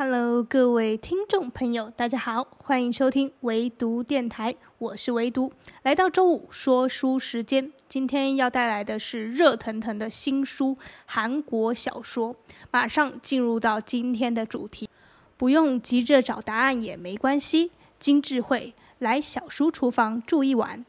Hello，各位聽眾朋友，大家好，歡迎收聽唯讀電台，我是唯讀。來到周五說書時間，今天要帶來的是熱騰騰的新書——韓國小說。馬上進入到今天的主題，不用急着找答案也沒關係。金智慧來小書廚房住一晚。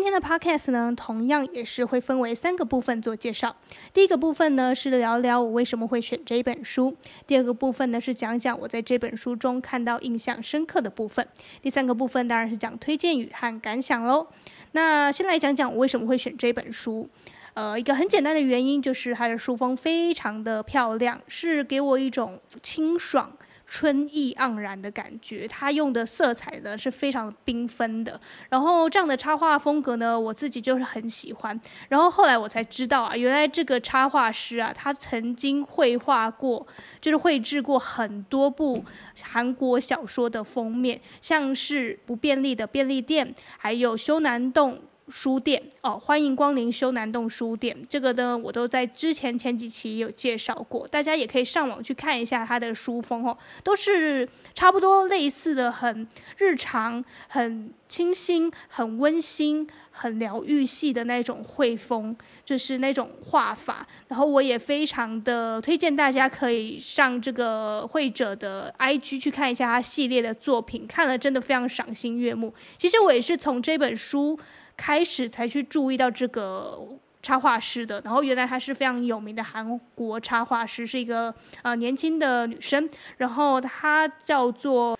今天的 podcast 呢，同樣也是會分為三個部分做介紹。第一個部分呢，是聊聊我為什麼會選這一本書；第二個部分呢，是講講我在這本書中看到印象深刻的部分；第三個部分當然是講推薦語和感想嘍。那先來講講我為什麼會選這本書。呃，一個很簡單的原因就是它的書封非常的漂亮，是給我一種清爽。春意盎然的感覺，它用的色彩呢是非常繽紛的。然後這樣的插畫風格呢，我自己就是很喜歡。然後後來我才知道啊，原來這個插畫師啊，他曾經繪畫過，就是繪製過很多部韓國小說的封面，像是《不便利的便利店》還有《修南洞》。書店哦，歡迎光臨修南洞書店。這個呢，我都在之前前幾期有介紹過，大家也可以上網去看一下他的書風哦，都是差不多類似的，很日常、很清新、很溫馨、很療癒系的那種繪風，就是那種畫法。然後我也非常的推薦大家可以上這個繪者的 IG 去看一下他系列的作品，看了真的非常賞心悅目。其實我也是從這本書，開始才去注意到這個插畫師的，然後原來她是非常有名的韓國插畫師，是一個呃年輕的女生，然後她叫做。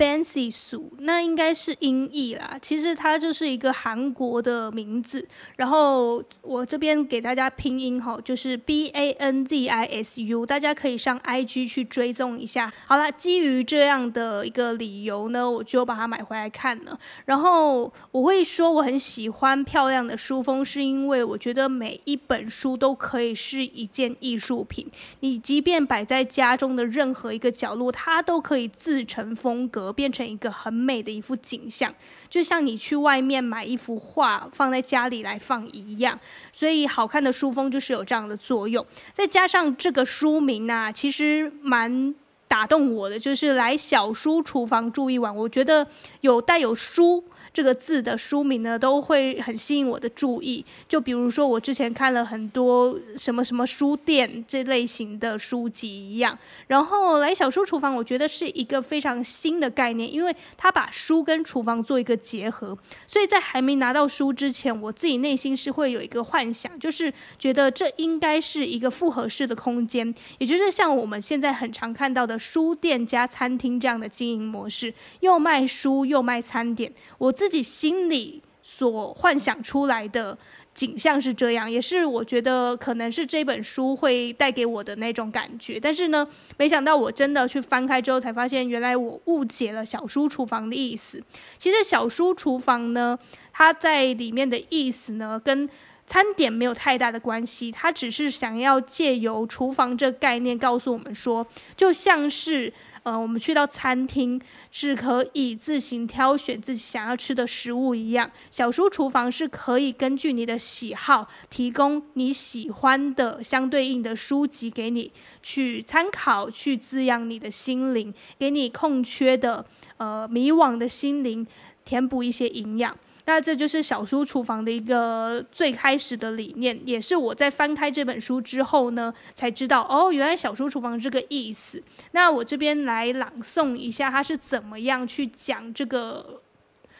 b a n c y s u 那應該是音譯啦。其實它就是一個韓國的名字。然後我這邊給大家拼音哈、哦，就是 B A N Z I S S U。大家可以上 IG 去追蹤一下。好啦，基於這樣的一個理由呢，我就把它買回來看了。然後我會說我很喜歡漂亮的書封，是因為我覺得每一本書都可以是一件藝術品。你即便擺在家中的任何一個角落，它都可以自成風格。變成一個很美的一幅景象，就像你去外面買一幅畫放在家裡來放一樣，所以好看的書封就是有這樣的作用。再加上這個書名啊，其實蠻打動我的就是來小書廚房住一晚，我覺得有帶有“書”這個字的書名呢，都會很吸引我的注意。就比如說我之前看了很多什麼什麼書店這類型的書籍一樣，然後來小書廚房，我覺得是一個非常新的概念，因為他把書跟廚房做一個結合。所以在還沒拿到書之前，我自己內心是會有一個幻想，就是覺得這應該是一個複合式的空間，也就是像我們現在很常看到的。書店加餐廳這樣的經營模式，又賣書又賣餐點，我自己心裡所幻想出來的景象是這樣，也是我覺得可能是這一本書會帶給我的那種感覺。但是呢，沒想到我真的去翻開之後，才發現原來我誤解了“小書廚房”的意思。其實“小書廚房”呢，它在裡面的意思呢，跟……餐點沒有太大的關係，他只是想要借由廚房這個概念告訴我們說，就像是呃我們去到餐廳是可以自行挑選自己想要吃的食物一樣，小書廚房是可以根據你的喜好，提供你喜歡的相對應的書籍給你去參考，去滋養你的心靈，給你空缺的呃迷惘的心靈填補一些營養。那這就是小書廚房的一個最開始的理念，也是我在翻開這本書之後呢，才知道哦，原來小書廚房這個意思。那我這邊來朗誦一下，他是怎麼樣去講這個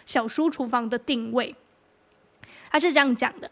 小書廚房的定位，他是這樣講的：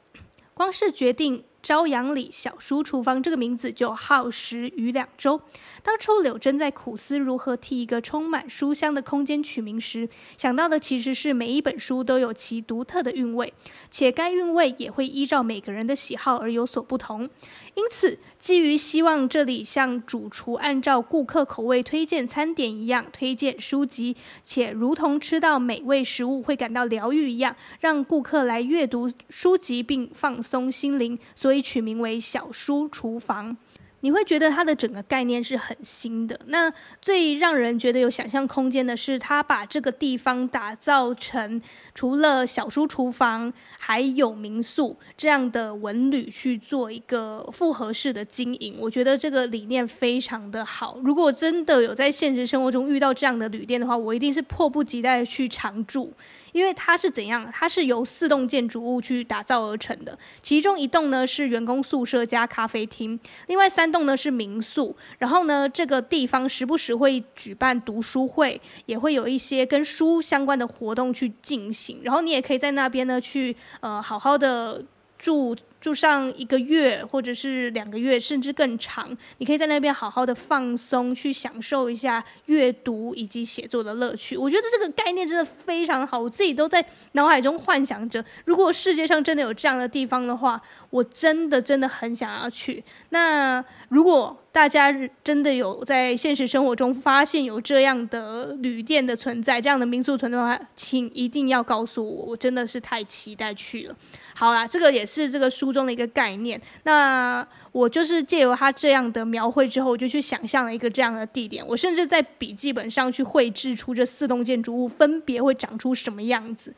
光是決定。朝陽里小書廚房這個名字就耗時逾兩周。當初柳珍在苦思如何替一個充滿書香的空間取名時，想到的其實是每一本書都有其獨特的韻味，且該韻味也會依照每個人的喜好而有所不同。因此，基於希望這裡像主廚按照顧客口味推薦餐點一樣推薦書籍，且如同吃到美味食物會感到療癒一樣，讓顧客來閱讀書籍並放鬆心靈。所以取名為“小書廚房”，你會覺得它的整個概念是很新的。那最讓人覺得有想象空間的是，他把這個地方打造成除了小書廚房，還有民宿這樣的文旅去做一個複合式的經營。我覺得這個理念非常的好。如果真的有在現實生活中遇到這樣的旅店的話，我一定是迫不及待去常住。因為它是怎樣？它是由四棟建築物去打造而成的，其中一棟呢是員工宿舍加咖啡廳，另外三棟呢是民宿。然後呢，這個地方時不時會舉辦讀書會，也會有一些跟書相關的活動去進行。然後你也可以在那邊呢去呃好好的住。住上一個月，或者是兩個月，甚至更長，你可以在那邊好好的放鬆，去享受一下閱讀以及寫作的樂趣。我覺得這個概念真的非常好，我自己都在腦海中幻想着，如果世界上真的有這樣的地方的話，我真的真的很想要去。那如果大家真的有在現實生活中發現有這樣的旅店的存在，這樣的民宿存在的話，請一定要告訴我，我真的是太期待去了。好啦，這個也是這個書。初中的一個概念，那我就是借由他這樣的描繪之後，我就去想象了一個這樣的地點，我甚至在筆記本上去繪製出這四棟建築物分別會長出什麼樣子，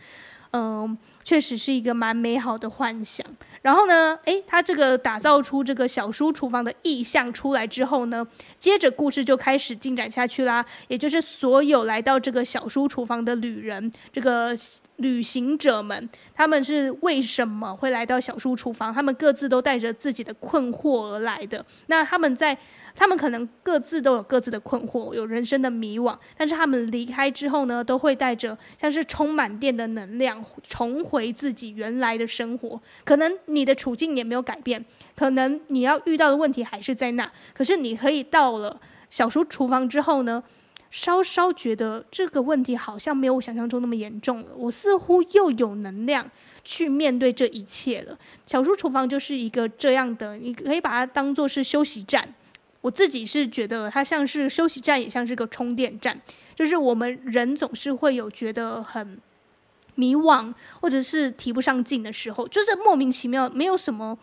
嗯。確實是一個蠻美好的幻想。然後呢，誒，他這個打造出這個小書廚房的意象出來之後呢，接着故事就開始進展下去啦。也就是所有來到這個小書廚房的旅人，這個旅行者們，他們是為什麼會來到小書廚房？他們各自都帶着自己的困惑而來的。那他們在，他們可能各自都有各自的困惑，有人生的迷惘。但是他們離開之後呢，都會帶着像是充滿電的能量，重回。回自己原來的生活，可能你的處境也沒有改變，可能你要遇到的問題還是在那。可是你可以到了小書廚房之後呢，稍稍覺得這個問題好像沒有我想象中那麼嚴重了。我似乎又有能量去面對這一切了。小書廚房就是一個這樣的，你可以把它當做是休息站。我自己是覺得它像是休息站，也像是個充電站。就是我們人總是會有覺得很。迷惘，或者是提不上勁的時候，就是莫名其妙，沒有什麼。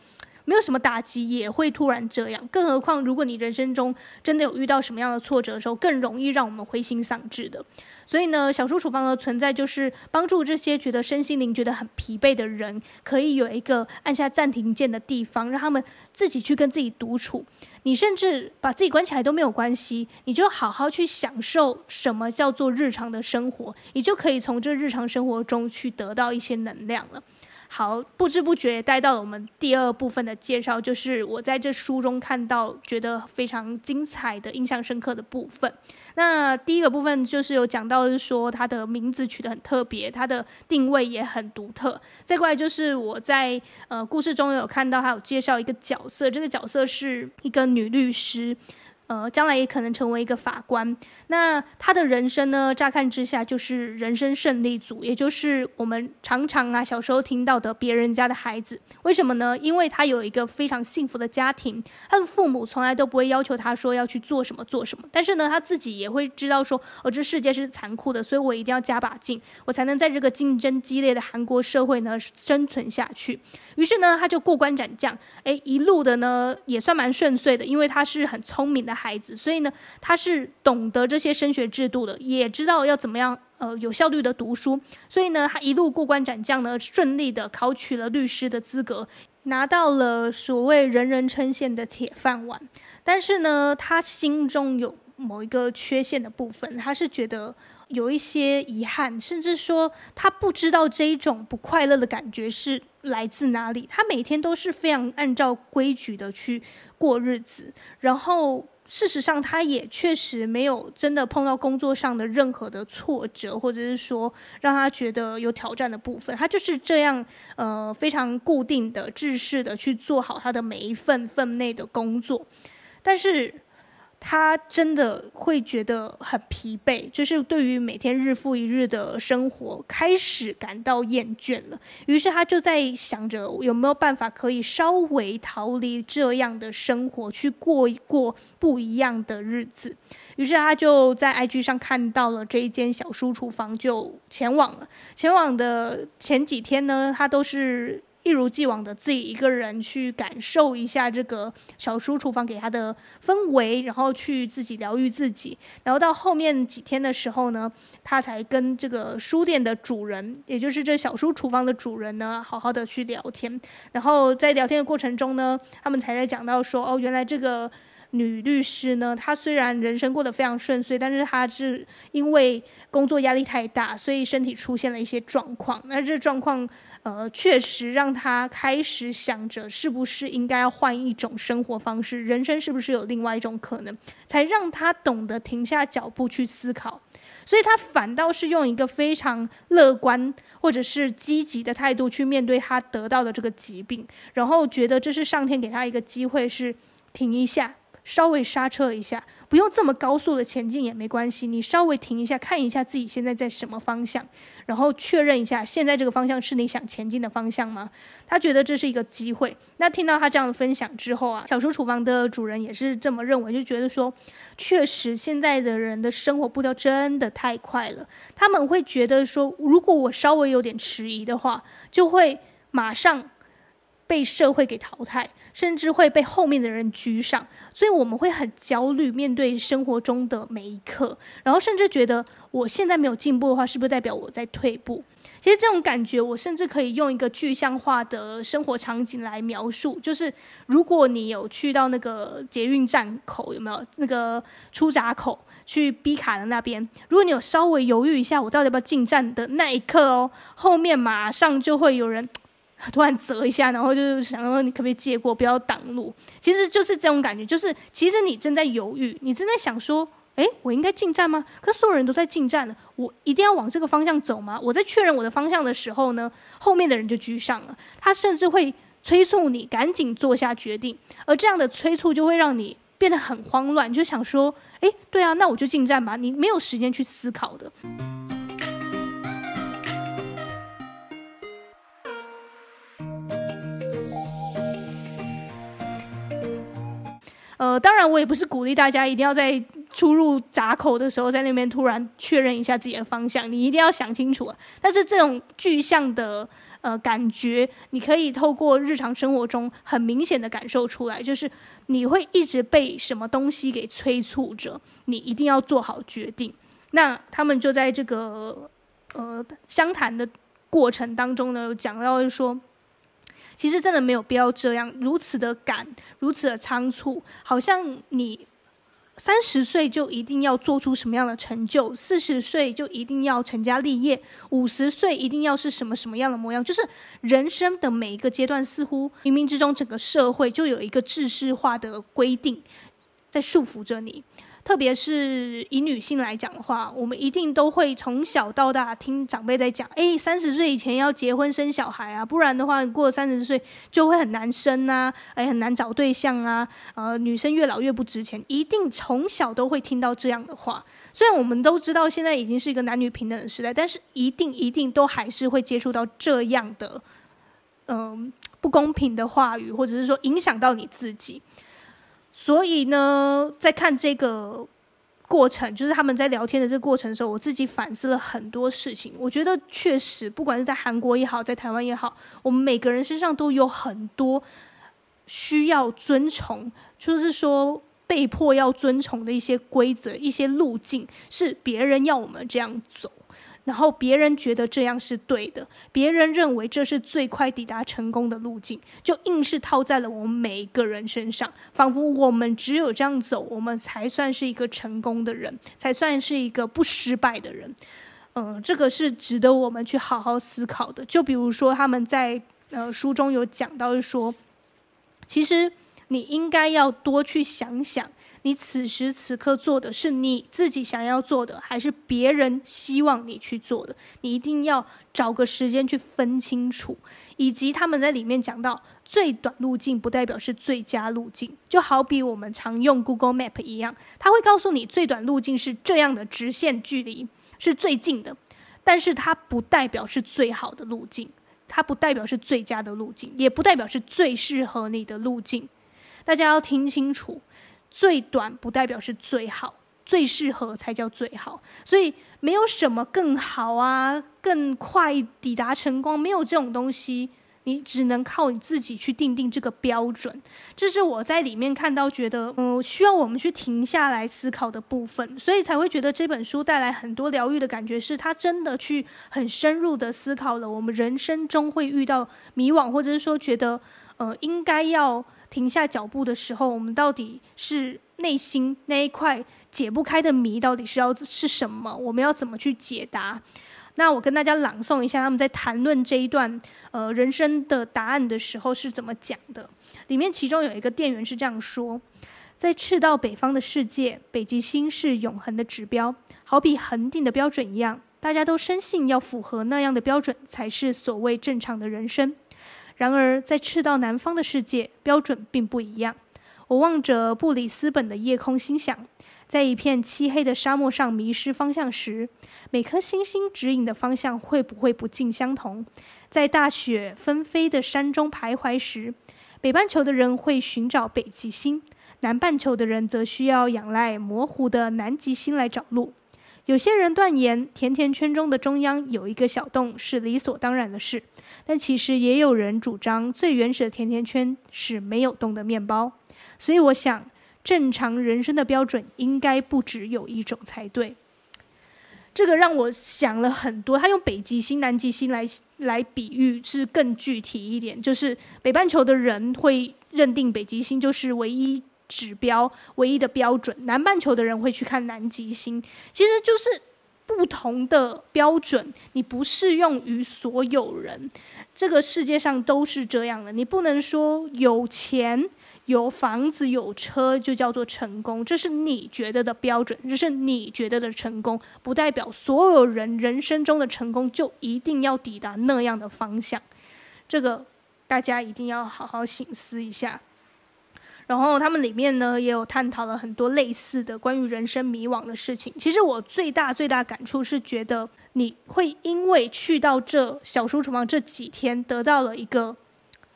沒有什麼打擊也會突然這樣，更何況如果你人生中真的有遇到什麼樣的挫折的時候，更容易讓我們灰心喪志的。所以呢，小書廚房的存在就是幫助這些覺得身心靈覺得很疲憊的人，可以有一個按下暫停鍵的地方，讓他們自己去跟自己獨處。你甚至把自己關起來都沒有關係，你就好好去享受什麼叫做日常的生活，你就可以從這日常生活中去得到一些能量了。好，不知不覺帶到了我們第二部分的介紹，就是我在這書中看到覺得非常精彩的、印象深刻的部分。那第一個部分就是有講到，是說他的名字取得很特別，他的定位也很獨特。再過來就是我在呃故事中有看到，他有介紹一個角色，這個角色是一個女律師。呃，將來也可能成為一個法官。那他的人生呢？乍看之下就是人生勝利組，也就是我們常常啊小時候聽到的別人家的孩子。為什麼呢？因為他有一個非常幸福的家庭，他的父母從來都不會要求他說要去做什麼做什麼。但是呢，他自己也會知道說，哦，這世界是殘酷的，所以我一定要加把勁，我才能在這個競爭激烈的韓國社會呢生存下去。於是呢，他就過關斬將，哎，一路的呢也算蠻順遂的，因為他是很聰明的。孩子，所以呢，他是懂得這些升學制度的，也知道要怎麼樣呃有效率的讀書，所以呢，他一路過關斬將呢，順利的考取了律師的資格，拿到了所謂人人稱羨的鐵飯碗。但是呢，他心中有某一個缺陷的部分，他是覺得有一些遺憾，甚至說他不知道這一種不快樂的感覺是來自哪裡。他每天都是非常按照規矩的去過日子，然後。事實上，他也確實沒有真的碰到工作上的任何的挫折，或者是說讓他覺得有挑戰的部分。他就是這樣，呃，非常固定的、制式的去做好他的每一份分內的工作，但是。他真的會覺得很疲憊，就是對於每天日復一日的生活開始感到厭倦了。於是他就在想着有沒有辦法可以稍微逃離這樣的生活，去過一過不一樣的日子。於是他就在 IG 上看到了這一間小書廚房，就前往了。前往的前幾天呢，他都是。一如既往的自己一個人去感受一下這個小書廚房給他的氛圍，然後去自己療癒自己。然後到後面幾天的時候呢，他才跟這個書店的主人，也就是這小書廚房的主人呢，好好的去聊天。然後在聊天的過程中呢，他們才在講到說，哦，原來這個女律師呢，她雖然人生過得非常順遂，但是她是因為工作壓力太大，所以身體出現了一些狀況。那這狀況。呃，確實讓他開始想着，是不是應該要換一種生活方式，人生是不是有另外一種可能，才讓他懂得停下腳步去思考。所以他反倒是用一個非常樂觀或者是積極的態度去面對他得到的這個疾病，然後覺得這是上天給他一個機會，是停一下。稍微剎車一下，不用這麼高速的前進也沒關係。你稍微停一下，看一下自己現在在什麼方向，然後確認一下現在這個方向是你想前進的方向嗎？他覺得這是一個機會。那聽到他這樣的分享之後啊，小書廚房的主人也是這麼認為，就覺得說，確實現在的人的生活步調真的太快了。他們會覺得說，如果我稍微有點遲疑的話，就會馬上。被社會給淘汰，甚至會被後面的人居上，所以我們會很焦慮面對生活中的每一刻，然後甚至覺得我現在沒有進步的話，是不是代表我在退步？其實這種感覺，我甚至可以用一個具象化的生活場景來描述，就是如果你有去到那個捷運站口，有沒有那個出閘口去嗶卡的那邊？如果你有稍微猶豫一下，我到底要不要進站的那一刻哦，後面馬上就會有人。突然折一下，然後就是想說，你可不可以借過，不要擋路。其實就是這種感覺，就是其實你正在猶豫，你正在想說，哎，我應該進站嗎？可所有人都在進站了，我一定要往這個方向走嗎？我在確認我的方向的時候呢，後面的人就居上了，他甚至會催促你趕緊做下決定，而這樣的催促就會讓你變得很慌亂，你就想說，哎，對啊，那我就進站吧。你沒有時間去思考的。呃，當然，我也不是鼓勵大家一定要在出入閘口的時候在那邊突然確認一下自己的方向，你一定要想清楚了。但是這種具象的呃感覺，你可以透過日常生活中很明顯的感受出來，就是你會一直被什麼東西給催促着，你一定要做好決定。那他們就在這個呃相談的過程當中呢，講到說。其實真的沒有必要這樣，如此的趕，如此的倉促。好像你三十歲就一定要做出什麼樣的成就，四十歲就一定要成家立業，五十歲一定要是什麼什麼樣的模樣。就是人生的每一個階段，似乎冥冥之中整個社會就有一個制式化的規定，在束縛着你。特別是以女性來講的話，我們一定都會從小到大聽長輩在講：哎、欸，三十歲以前要結婚生小孩啊，不然的話，你過了三十歲就會很難生啊，誒、欸，很難找對象啊。呃，女生越老越不值錢，一定從小都會聽到這樣的話。雖然我們都知道現在已經是一個男女平等的時代，但是一定一定都還是會接觸到這樣的，嗯、呃，不公平的話語，或者是說影響到你自己。所以呢，在看這個過程，就是他們在聊天的這個過程的時候，我自己反思了很多事情。我覺得確實，不管是在韓國也好，在台灣也好，我們每個人身上都有很多需要遵從，就是說被迫要遵從的一些規則、一些路徑，是別人要我們這樣走。然後別人覺得這樣是對的，別人認為這是最快抵達成功的路徑，就硬是套在了我們每一個人身上，仿佛我們只有這樣走，我們才算是一個成功的人，才算是一個不失敗的人。嗯、呃，這個是值得我們去好好思考的。就比如說他們在呃書中有講到說，是說其實。你應該要多去想想，你此時此刻做的是你自己想要做的，還是別人希望你去做的？你一定要找個時間去分清楚。以及他們在裡面講到，最短路徑不代表是最佳路徑。就好比我們常用 Google Map 一樣，它會告訴你最短路徑是這樣的直線距離，是最近的，但是它不代表是最好的路徑，它不代表是最佳的路徑，也不代表是最適合你的路徑。大家要聽清楚，最短不代表是最好，最適合才叫最好。所以沒有什麼更好啊，更快抵達成功。沒有這種東西。你只能靠你自己去定定這個標準。這是我在裡面看到覺得，嗯、呃，需要我們去停下來思考的部分。所以才會覺得這本書帶來很多療癒的感覺，是他真的去很深入的思考了我們人生中會遇到迷惘，或者是說覺得，呃，應該要。停下腳步的時候，我們到底是內心那一塊解不開的謎，到底是要是什麼？我們要怎麼去解答？那我跟大家朗誦一下，他們在談論這一段呃人生的答案的時候是怎麼講的。裡面其中有一個店員是這樣說：“在赤道北方的世界，北極星是永恆的指標，好比恆定的標準一樣，大家都深信要符合那樣的標準，才是所謂正常的人生。”然而，在赤道南方的世界，標準並不一樣。我望着布里斯本的夜空，心想：在一片漆黑的沙漠上迷失方向時，每顆星星指引的方向會不會不盡相同？在大雪紛飛的山中徘徊時，北半球的人會尋找北極星，南半球的人則需要仰賴模糊的南極星來找路。有些人斷言，甜甜圈中的中央有一個小洞是理所當然的事，但其實也有人主張，最原始的甜甜圈是沒有洞的麵包。所以我想，正常人生的標準應該不只有一種才對。這個讓我想了很多。他用北極星、南極星來來比喻，是更具體一點，就是北半球的人會認定北極星就是唯一。指標唯一的標準，南半球的人會去看南極星，其實就是不同的標準，你不適用於所有人。這個世界上都是這樣的，你不能說有錢、有房子、有車就叫做成功，這是你覺得的標準，這是你覺得的成功，不代表所有人，人生中的成功就一定要抵達那樣的方向。這個大家一定要好好省思一下。然後他們裡面呢，也有探討了很多類似的關於人生迷惘的事情。其實我最大最大感觸是，覺得你會因為去到這小書廚房這幾天，得到了一個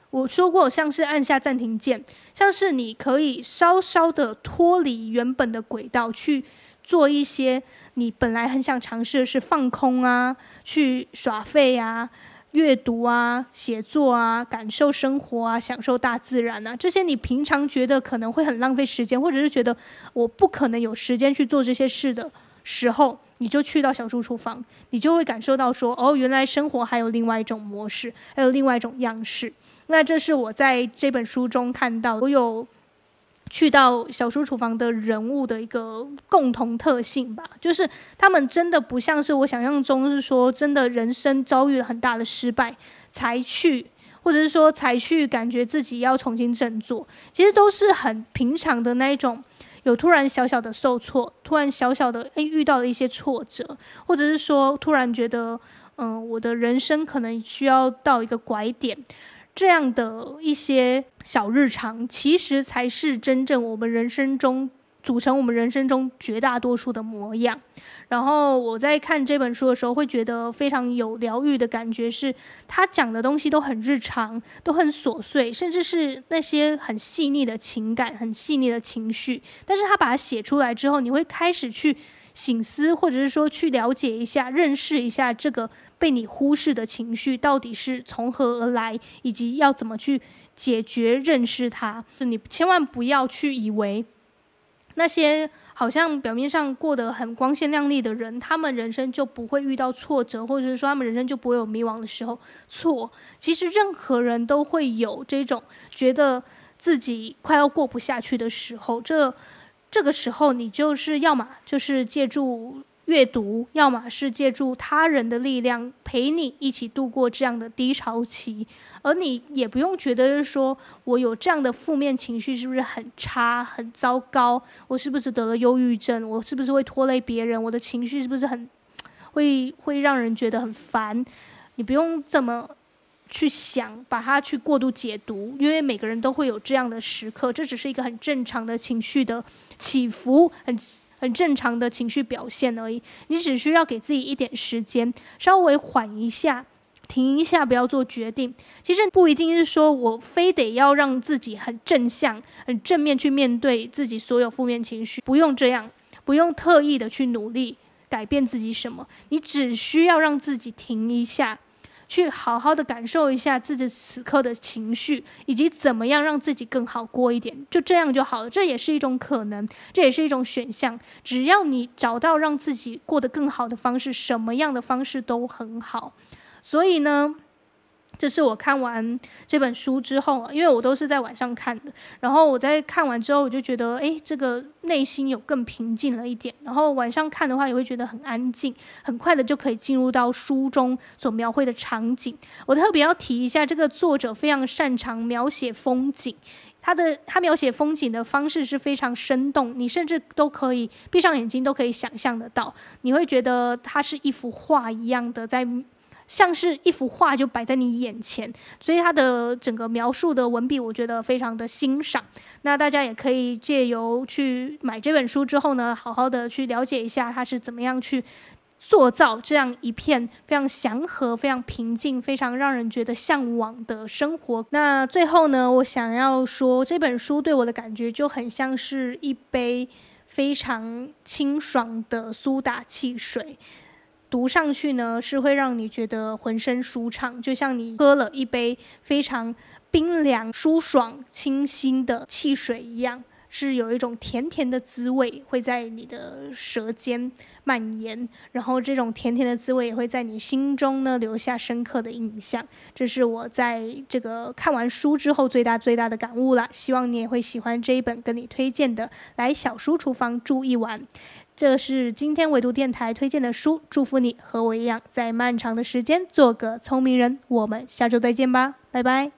我說過，像是按下暫停鍵，像是你可以稍稍的脫離原本的軌道，去做一些你本來很想嘗試的是放空啊，去耍廢啊。閱讀啊，寫作啊，感受生活啊，享受大自然啊，這些你平常覺得可能會很浪費時間，或者是覺得我不可能有時間去做這些事的時候，你就去到小書廚房，你就會感受到說，哦，原來生活還有另外一種模式，還有另外一種樣式。那這是我在這本書中看到的，我有。去到小書廚房的人物的一個共同特性吧，就是他們真的不像是我想象中，是說真的人生遭遇了很大的失敗才去，或者是說才去感覺自己要重新振作，其實都是很平常的那一種，有突然小小的受挫，突然小小的欸遇到了一些挫折，或者是說突然覺得嗯、呃、我的人生可能需要到一個拐點。這樣的一些小日常，其實才是真正我們人生中組成我們人生中絕大多數的模樣。然後我在看這本書的時候，會覺得非常有療癒的感覺，是他講的東西都很日常，都很瑣碎，甚至是那些很細膩的情感、很細膩的情緒。但是他把它寫出來之後，你會開始去省思，或者是說去了解一下、認識一下這個被你忽視的情緒到底是從何而來，以及要怎麼去解決、認識它。你千萬不要去以為那些好像表面上過得很光鮮亮麗的人，他們人生就不會遇到挫折，或者是說他們人生就不會有迷惘的時候。錯，其實任何人都會有這種覺得自己快要過不下去的時候。這。這個時候，你就是要麼就是借助閱讀，要麼是借助他人的力量陪你一起度過這樣的低潮期，而你也不用覺得說我有這樣的負面情緒是不是很差很糟糕，我是不是得了憂鬱症，我是不是會拖累別人，我的情緒是不是很會會讓人覺得很煩，你不用這麼。去想把它去過度解讀，因為每個人都會有這樣的時刻，這只是一個很正常的情緒的起伏，很很正常的情緒表現而已。你只需要給自己一點時間，稍微緩一下，停一下，不要做決定。其實不一定是說我非得要讓自己很正向、很正面去面對自己所有負面情緒，不用這樣，不用特意的去努力改變自己什麼，你只需要讓自己停一下。去好好的感受一下自己此刻的情緒，以及怎麼樣讓自己更好過一點，就這樣就好了。這也是一種可能，這也是一種選項。只要你找到讓自己過得更好的方式，什麼樣的方式都很好。所以呢，這是我看完這本書之後，因為我都是在晚上看的。然後我在看完之後，我就覺得，哎，這個內心有更平靜了一點。然後晚上看的話，也會覺得很安靜，很快的就可以進入到書中所描繪的場景。我特別要提一下，這個作者非常擅長描寫風景，他的他描寫風景的方式是非常生動，你甚至都可以閉上眼睛都可以想象得到，你會覺得它是一幅畫一樣的在。像是一幅畫就擺在你眼前，所以它的整個描述的文筆，我覺得非常的欣賞。那大家也可以借由去買這本書之後呢，好好的去了解一下它是怎麼樣去塑造這樣一片非常祥和、非常平靜、非常讓人覺得向往的生活。那最後呢，我想要說這本書對我的感覺就很像是一杯非常清爽的蘇打汽水。讀上去呢，是會讓你覺得渾身舒暢，就像你喝了一杯非常冰涼、舒爽、清新的汽水一樣，是有一種甜甜的滋味會在你的舌尖蔓延，然後這種甜甜的滋味也會在你心中呢留下深刻的印象。這是我在這個看完書之後最大最大的感悟了。希望你也會喜歡這一本跟你推薦的《來小書廚房住一晚》。這是今天微讀電台推薦的書，祝福你和我一樣，在漫長的時間做個聰明人。我們下周再見吧，拜拜。